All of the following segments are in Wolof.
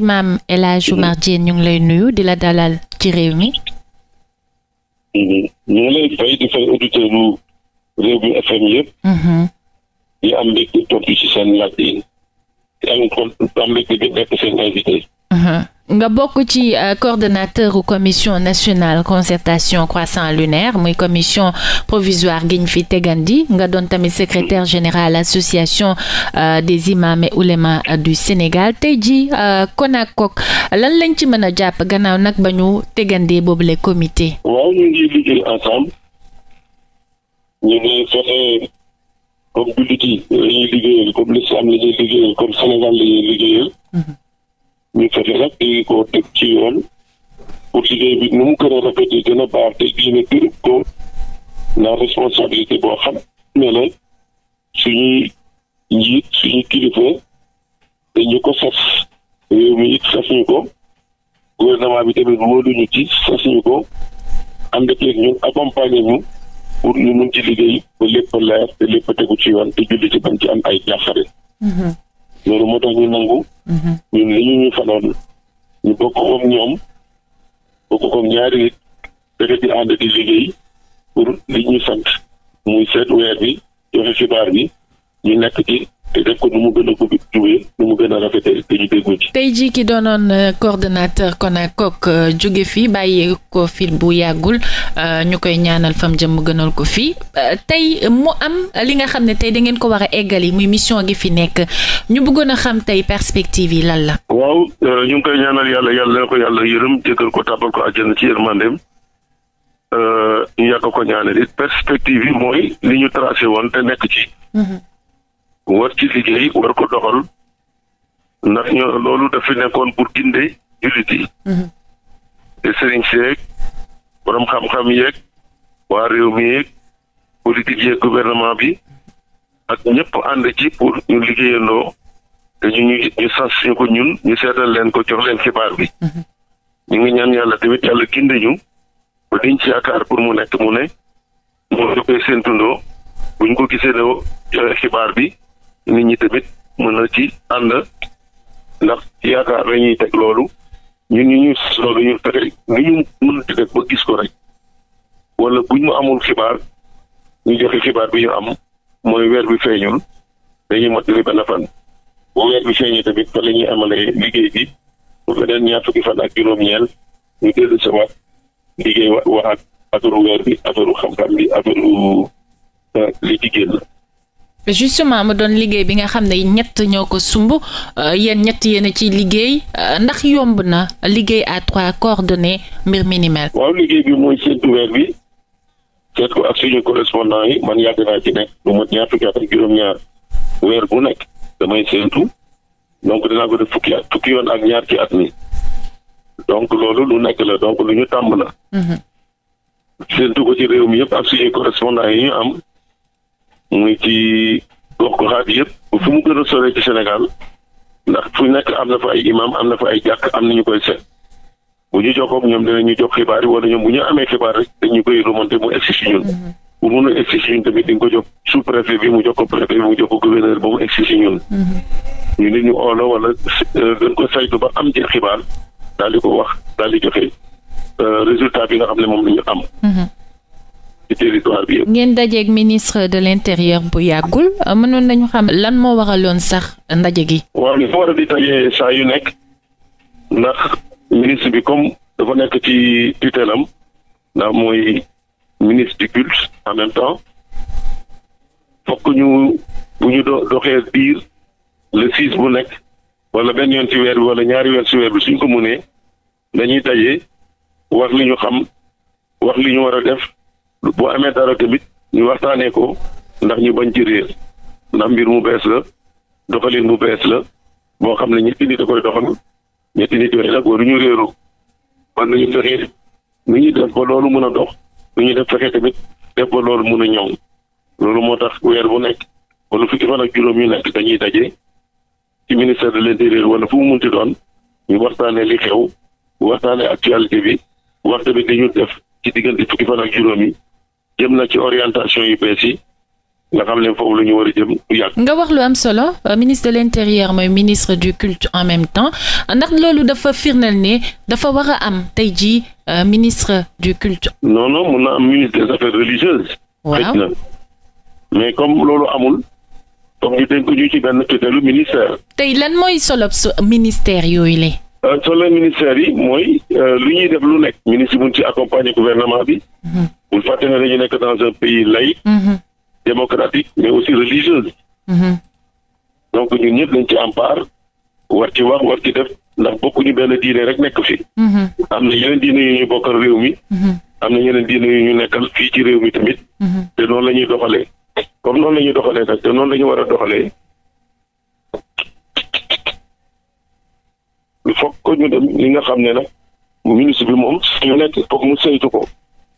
Imam El Hadj Oumar ñu ngi lay nuyu di la dalal ci réew mi. ñu lay fay di fay auditeurs réew mi FM yëpp. Mhm. di am mbégte topp ci seen laaj yi di am am mbégte seen invité. Uh-huh. nga bokk ci euh, coordonnateur u commission nationale concertation croissant lunaire muy commission provisoire gi ñu fi tegandi nga doon tamit secrétaire général association euh, des imams et oulémas euh, du Sénégal tey ji Konakok lan lañ ci mën a jàpp gannaaw nag ba ñu tegandee boobu le comité. ñu fexe nag di ko teg ci yoon pour liggéey bi nu mu gën a rafet yi gën baax te diine tërëb ko ndax responsabilité boo xam ne la suñuy njiit suñuy kilifa te ñu ko sas réew mi it sas ñu ko gouvernement bi tamit wóoluñu ci sas ñu ko ànd ak ñu accompagner ñu pour ñu mun ci liggéey ba lépp leer te lépp tegu ci yoon te julli ci ban ci am ay jaaxare mm-hmm. loolu moo tax ñu nangu. Mhm. ñun li faloon ñu bokk koom ñoom bokk koom ñaari nit fexe di ànd di liggéey pour li ñu sant muy seet weer bi joxe xibaar bi ñu nekk ci. te def ko nu mu gën a ko jubee nu mu ci. tey jii ki doonoon euh, coordonnateur CONACOC euh, jóge fii bàyyi ko fi bu yàggul euh, ñu koy ñaanal fam jëm mu gënal ko fii tey mu am li nga xam ne tey da ngeen ko war a eggali muy mission gi fi nekk ñu bëggoon a xam tey perspective yi lan la. waaw ñu ngi koy ñaanal yàlla yàlla na ko yàlla yërëm jëkkal ko tàbbal ko àjjana ci yërmandeem ñu yàgg ko ñaanal perspective yi mooy li ñu tracé woon war ci liggéey war ko doxal ndax ñoo loolu dafa nekkoon pour gindee jullit yi mhm. te sëriñ seeg xam-xam yeeg waa réew mi yeeg politique yeeg gouvernement bi ak ñëpp ànd ci pour ñu liggéeyandoo te ñu ñu ñu sas ñu ko ñun ñu seetal leen ko jox leen xibaar bi mhm. ñu ngi ñaan yàlla tamit yàlla ginde ñu ba diñ ci yaakaar pour mu nekk mu ne moo ñu koy séentundoo buñ ko gisee ne euh, xibaar bi nit ñi tamit mën na ci ànd ndax ci yaakaar dañuy teg loolu ñun ñu ñu loolu ñu fexe ni ñu mënti def ba gis ko rek wala buñ mu amul xibaar ñu joxe xibaar bi ñu am mooy weer bi feeñul dañuy mottali benn fan bu weer bi feeñee tamit fa la ñuy liggéey bi bu feneen ñaar fukki fan ak juróom-ñeel ñu dellu sa waat liggéey wax ak affaire weer bi affaire xam-xam bi affaire euh, li ci génn justement ma doon liggéey bi nga xam ne ñett ñoo ko sumb euh, yéen ñett yéen a ciy liggéey euh, ndax yomb na liggéey à trois coordonnées mbir mi ni mel. waaw liggéey bi mooy séntu weer bi seet ko ak suñu correspondant yi man yàgg naa ci nekk lu mat ñaar fukki at ak juróom-ñaar fukki yoon ak ñaar ci at mi donc loolu lu nekk la donc lu ñu tàmm la. Mhm. séntu ko ci réew mi yëpp ak suñu correspondant yi ñu am. muy ci ko goxaat yëpp fu mu gën a soree ci Sénégal ndax fu nekk am na fa ay imam am na fa ay jàkk am na ñu koy seet bu ñu jokkoog ñoom dinañu jox xibaar yi wala ñoom bu ñu amee xibaar rek dañu koy remonté mu egsi si ñun. Mhm. pour mun a egsi ko jox sous préfet bi mu jox ko préfet mu jox ko gouverneur ba mu egsi si ñun. Mhm. ñu nit ñu oolo wala euh, gën ko saytu ba am ci xibaar daal di ko wax daal di joxe euh, résultat bi nga xam ne moom la ñu am. Mhm. ci territoire bi yëpp. ngeen dajeeg ministre de l' intérieur bu yàggul mënoon nañu xam lan moo waraloon sax ndaje gi. waaw li war a di dajee saa yu nekk ndax ministre bi comme dafa nekk ci tutelam ndax mooy ministre du culte en même temps fokk ñu ñu doxee biir le bu nekk wala benn yoon ci weer bi wala ñaari yoon ci weer bi suñ ko mënee dañuy daje wax li ñu xam wax li ñu def. boo amee dara tamit ñu waxtaanee ko ndax ñu bañ ci réer ndax mbir mu bees la doxalin bu bees la boo xam ne ñetti nit da koy doxal ñetti nit yooyu nag waruñu réeroo man nañu fexe nu ñuy def ba loolu mën a dox nu ñuy def fexe tamit def ba loolu mën a ñoom loolu moo tax weer bu nekk wala fukki fan ak juróom yu nekk dañuy daje ci ministère de l'intérieur wala fu mu munti doon ñu waxtaanee li xew waxtaanee actualité bi wax tamit li ñu def ci diggante fukki fan ak juróom yi jëm na ci orientation yu bees yi nga xam ne foofu lu ñu war a jëm du yàgg. nga wax lu am solo euh, ministre de l'intérieur mooy ministre du culte en même temps ndax loolu dafa firndeel nii dafa wax a am tey jii euh, ministre du culte. non non mun na am ministre des affaires religieuses. waaw mais comme loolu amul. donc ñu dénk ñu ci benn lu ministère. tey lan mooy solo ministère yooyu la. Euh, solo ministère yi mooy lu ñuy def lu nekk. ministre mun ci accompagner gouvernement bi. Mhm. bu ñu fàtte ne dañu nekk dans un pays laïque. Mm-hmm. démocratique mais aussi religieuse. Mm-hmm. donc ñu ñëpp dañ ci am part war ci wax war ci def ndax bokkuñu benn diine rek nekk fi. Mm-hmm. am na yeneen diine yu ñu bokkal réew mi. am na ñu nekkal fii ci réew mi tamit. te noonu la ñuy doxalee. comme noonu la ñuy doxalee nag te noonu la ñu war a doxalee. il faut que ñu dem li nga xam ne nag ministre bi moom suñu nekk foog mu saytu ko.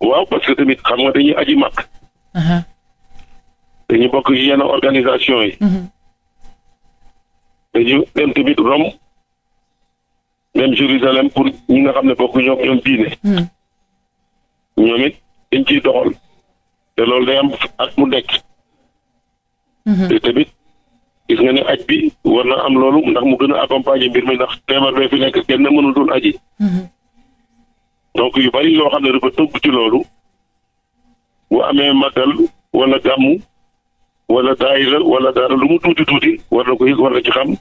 waaw parce que tamit xam nga dañuy aji màkk. Uh-huh. dañu bokk ci yenn organisation yi. Mm-hmm. dañu dem tamit Rome même Jérusalem pour ñi nga xam ne bokk ñoom ñoom diine. Mm-hmm. ñoom it dañ ciy doxal te loolu day am at mu dekk. Mm-hmm. te tamit gis nga ne aj bi war am loolu ndax mu gën a accompagner mbir mi ndax feebar bee fi nekk kenn mënul dul aji. donc yu bari loo xam ne dafa tëgg ci loolu bu amee màggal wala gàmmu wala daayira wala daara lu mu tuuti tuuti war na ko war na ci xam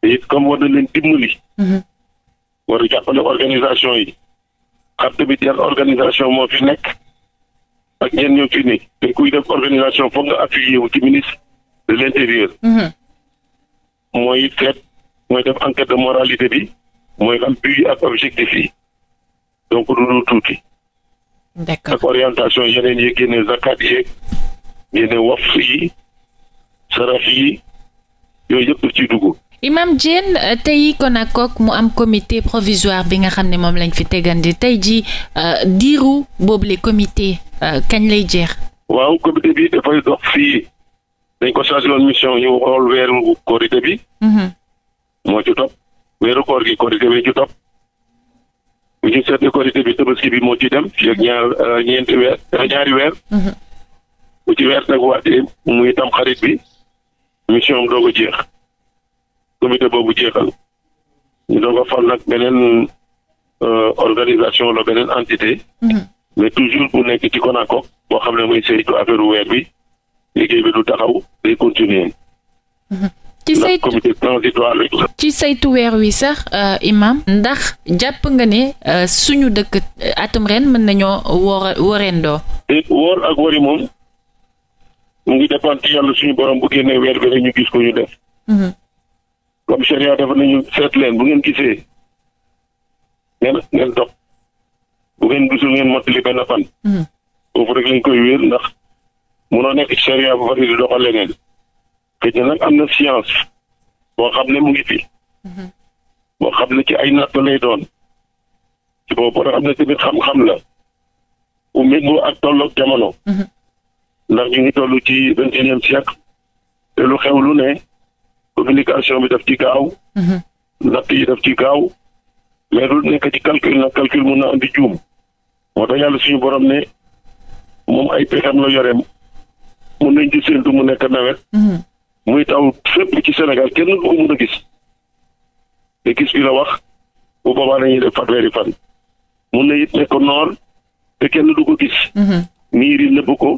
te it comme war na leen dimbali. Mhm. war a jàppale organisation yi xam tamit yan organisation moo fi nekk ak ñeen ñoo fi nekk te kuy def organisation foog nga appuyé wu ci ministre de l'intérieur. Mhm. mooy seet mooy def enquête de moralité bi mooy xam but yi ak objectif yi. donc du lu tuuti. d'accord ak orientation yeneen yi génne zakat yeeg génne waf yi saraf yi yooyu yëpp ci dugg. Imam Diène euh, tey Konakok mu am comité provisoire bi nga xam ne moom lañ fi tegandi tey ji euh, diiru boobule comité euh, kañ lay jeex. waaw comité bi dafay dox fii dañ ko chargé woon mission ñu xool weeru bi. Mhm. moo ci topp weeru koor bi ci topp. bu ñu seetlu korité bi tabaski moo ci dem fii ak ñaar euh, ñeenti weer euh, ñaari weer. Mhm. ci weer nag waatee muy tam xarit bi mission am doog a jeex comité boobu jeexal ñu doog a fal nag euh, la beneen entité. Mhm. mais toujours bu nekk ci CONACOC boo xam ne muy saytu affaire weer bi liggéey bi du taxaw day continuer. Mhm. ci saytu comité ci saytu weer wi sax euh, imam ndax jàpp nga ne euh, suñu dëkk euh, atum ren mën nañoo woor woreendoo woor ak wari moom mu ngi dépendre yàlla suñu borom bu génnee weer bi rek ñu gis ko ñu def mhm. comme sharia dafa nañu seet bu ngeen gisee ngeen ngeen dox bu ngeen gisul ngeen mottali benn fan mhm. foofu rek lañ koy wéer ndax munoo nekk ci sharia bu fari di doxal leneen xëy nag am na science boo xam ne mu ngi fi. Mhm. boo xam ne ci ay natt lay doon ci boobu am na tamit xam-xam la bu méngoo ak tolloog jamono. Mhm. ndax ñu ngi toll ci vingt et unième te lu xew lu ne communication bi daf ci gaaw. Mhm. natt yi daf ci gaaw mais lu nekk ci calcul na calcul mun na andi juum moo tax yàlla suñu borom ne moom ay pexam la yoreem mun nañ di séntu mu nekk nawet. muy taw fépp ci Sénégal kenn du ko mën a gis te gis bi la wax bu boobaa dañuy def fanweeri fan mun na it nekk noor te kenn du ko gis. niir mhm. yi nëbb ko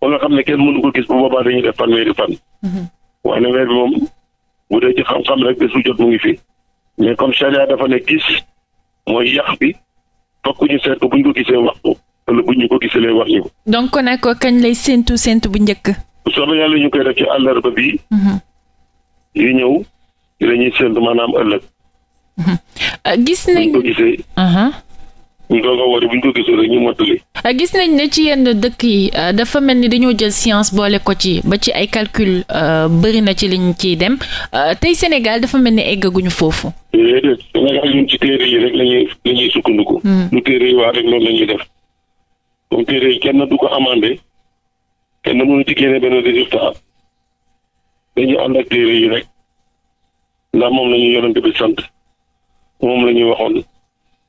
ba nga xam ne kenn mënu ko gis bu boobaa dañuy def fanweeri fan. Mhm. waaye ne weer bi moom bu dee ci xam-xam rek bés bu jot mu ngi fi mais comme charia dafa ne gis mooy yàq bi fokk ñu seet ko bu ñu ko gisee wax ko wala bu ñu ko gisalee wax ñu ko. donc nag kañ lay séentu séentu bu njëkk. bu soobee yàlla ñu koy def ci àllarba bi yu mhm. ñëw ci la ñuy maanaam ëllëg. Mhm. Uh, gis nañ ko gisee. a war bu ñu ko gisee ñu mottali. Uh, gis nañ ne ci yenn dëkk yi uh, dafa mel ni dañoo jël science boole ko ci ba ci ay calcul bëri na ci liñ ciy dem tey Sénégal dafa mel ni eggaguñu foofu. déedéet Sénégal ñun ci téere yi rek lañuy lañuy mhm. lu téere yi wax rek loolu la def. comme téere yi kenn du ko amandé. te mënuñu ci génne benn résultat dañuy ànd ak téere yi rek ndax moom lañu ñu yonent bi sant moom la ñuy waxoon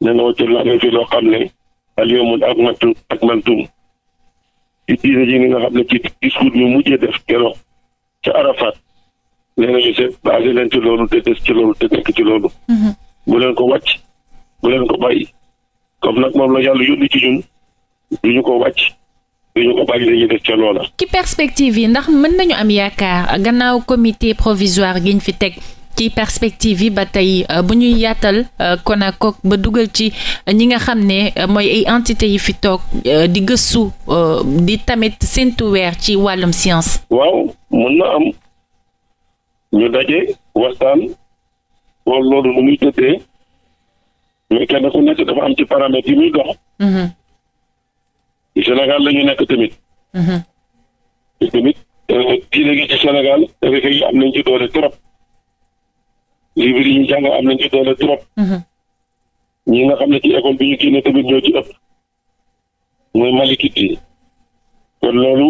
ne na wàcce laa loo xam ne al yawma akmaltu akmaltum ci diine ji nga xam ne ci discours bi mujjee def keroog ca Arafat nee nañu seet basé loolu te des ci loolu te nekk ci loolu mhm. bu leen ko wàcc bu leen ko bàyyi comme nag moom la yàlla yónni ci ñun du ko wàcc dañu ko ci perspective yi ndax mën nañu am yaakaar gannaaw comité provisoire gi ñu fi teg ci perspective yi ba tey euh, bu ñuy yaatal euh, CONACOC ba dugal ci euh, ñi nga xam ne mooy ay entité yi fi toog di gëstu di tamit séntu weer ci wàllum science. waaw mën na am ñu daje waxtaan wala loolu nu muy tëddee mais kenn ku nekk dafa am ci paramètres yi muy dox. Mm-hmm. Sénégal la ñu nekk tamit. Mhm. te tamit euh, diine gi ci Sénégal tarixa yi am nañ ci doole trop. bi yi ñu jàng am nañ ci doole trop. Mhm. ñi nga xam ne ci école bi ñu génne tamit ñoo ci ëpp. mooy malikit yi. kon loolu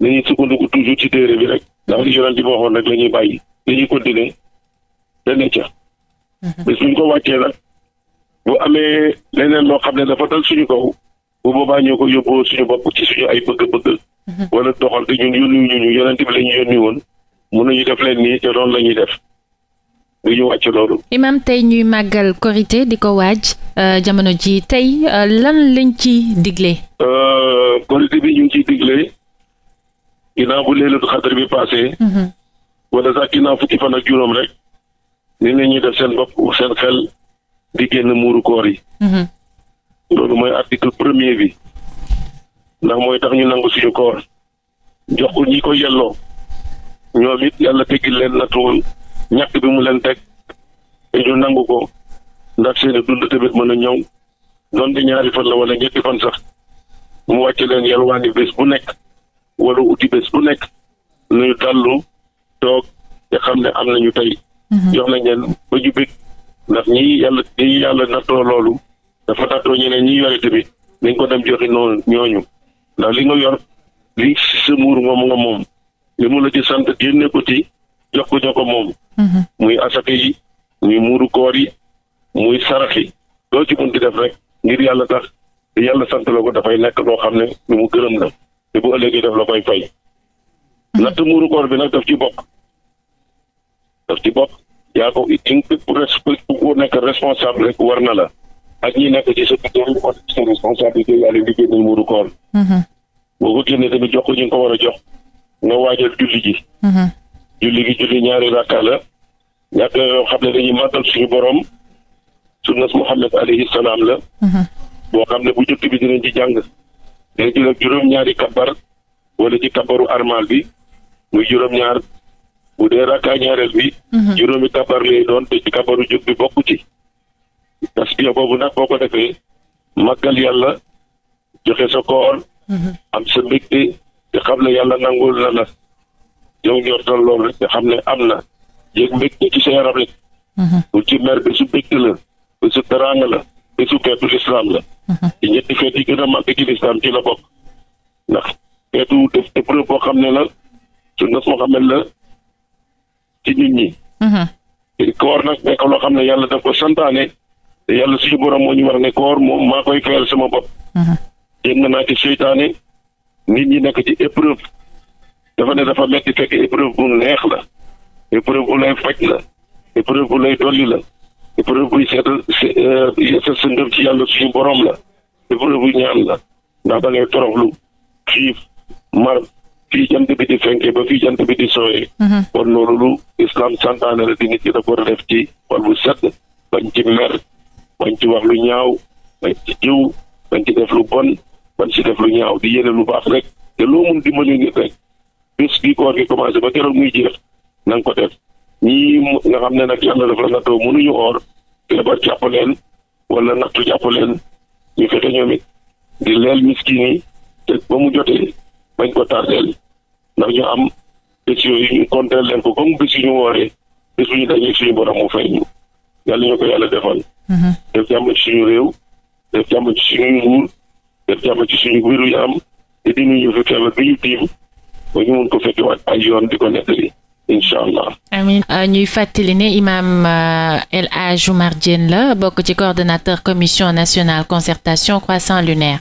dañuy sukkandiku toujours ci téere bi rek ndax li yonent bi waxoon rek la ñuy bàyyi dañuy continuer da ne ca. Mhm. bés ko wàccee nag bu amee leneen loo xam ne dafa dal suñu kaw. bu boobaa ñoo ko yóbboo suñu bopp ci suñu ay bëgg-bëgg. Mhm. wala doxal gi ñun yónni ñu ñu yonent bi la ñu yónni woon mun nañu def leen nii te loolu lañuy ñuy def du ñu wàcc loolu. imam tey ñuy màggal korité di ko waaj euh, jamono ji tey euh, lan lañ ci digle. Euh, korité bi ñu ngi ciy digle ginnaaw bu leelatu xadar bi passé. Mhm. wala sax ginnaaw fukki fan ak juróom rek. ni ne ñuy def seen bopp seen xel di génn muuru koor yi. Mhm. loolu mooy article premier bi ndax mooy tax ñu nangu suñu koor jox ko ñi ko yelloo ñoom yàlla teggil leen nattu woon bi mu leen teg te ñu nangu ko ndax seeni dund tamit mën a ñëw donte ñaari fan la wala ñetti fan sax mu wàcc leen yalwaani bés bu nekk wala uti bés bu nekk ñu dallu toog te xam ne am nañu tey mhm. jox na leen ba ñu bëgg ndax ñi yàlla ñi loolu dafa tattoo ñeneen ñi yore tamit dañ ko dem joxe noonu ñooñu ndax li nga yor li sa muur moom nga moom li mu la ci sant génne ko ci jox ko ñoo ko moom. Mm-hmm. muy asaka yi muy muuru koor yi muy sarax yi ci munti def rek ngir yàlla tax te yàlla sant la ko dafay nekk loo xam ne lu mu gërëm la te bu ëllëgee daf la koy fay. Mm-hmm. natt muuru koor bi nag daf ci bokk daf ci bokk yaa ko it pour nekk responsable rek war na la. ak ñi nekk ci suñu tool on est en koor. Mm-hmm. boo ko génnee tamit jox ko ñu ko war a jox nga waajal julli ji. Mm-hmm. julli gi julli ñaari rakka la ñàkk yoo xam ne dañuy màggal suñu borom sunnas Muhammad alayhi la. Mm-hmm. boo xam ne bu jàng. dañ jël ak juróom-ñaari kabar wala bi muy juróom-ñaar bu dee rakka ñaareel bi. juróomi kabar lay doon te ci kabaru jóg bi bokk ci. tasbiya boobu nag boo ko defee màggal yàlla joxe sa koor mhm. am sa mbégte te xam ne yàlla nangul na la yow njortal loolu rek te xam ne am na yéeg mbégte ci sa yaram rek bu mhm. ci mer bi su la bi su la bi su feetu lislaam la mhm. ci ñetti feet yi gën a màgg ci lislaam ci la bokk ndax feetu def épreuve boo xam ne la sunna Muhammad la ci nit ñi koor nag nekk loo xam ne yàlla daf ko santaane yàlla suñu borom moo ñu war ne koor moom maa koy fayal sama bopp. Mhm. génn naa ci seytaane nit ñi nekk ci épreuve dafa ne dafa metti fekk épreuve bu neex la épreuve bu lay faj la épreuve bu lay dolli la épreuve buy seetal euh, seetal sa ci yàlla suñu borom la épreuve bu ñaan la ndax da ngay toroxlu xiif mar fii jant bi di fenkee ba fii jant bi di sooyee mhm. kon loolu lu islam santaane la di nit ki da ko def ci xol bu set ci mer bañ ci wax lu ñaaw bañ ci jiw bañ ci def lu bon bañ ci def lu ñaaw di yéene lu baax rek te loo mun dimbali nit rek bis bi koor gi commencé ba keroog muy jeex na nga ko def ñii nga xam ne nag yàlla dafa la nattoo mënuñu oor feebar jàpp leen wala nattu jàpp leen ñu fexe ñoom it di leel miskin yi te ba mu jotee bañ ko tardeel ndax ñu am bés yooyu ñu konteel leen ko comme bés yu ñu wooree bés bu ñu dajee suñu borom mu fay ñu yàlla na ko yàlla defal. def jàmm ci suñu réew. def jàmm ci suñu nguur. def jàmm ci suñu wéru yaram. te di nuyu fi feebar bi ñu tiim. ba ñu mun ko fekke waat ay yoon di ko nettali. incha allah. amiin euh, ñuy fàttali ne imaam euh, El Hadj Oumar Diène la bokk ci coordonnateur commission nationale concertation croissant lunaire.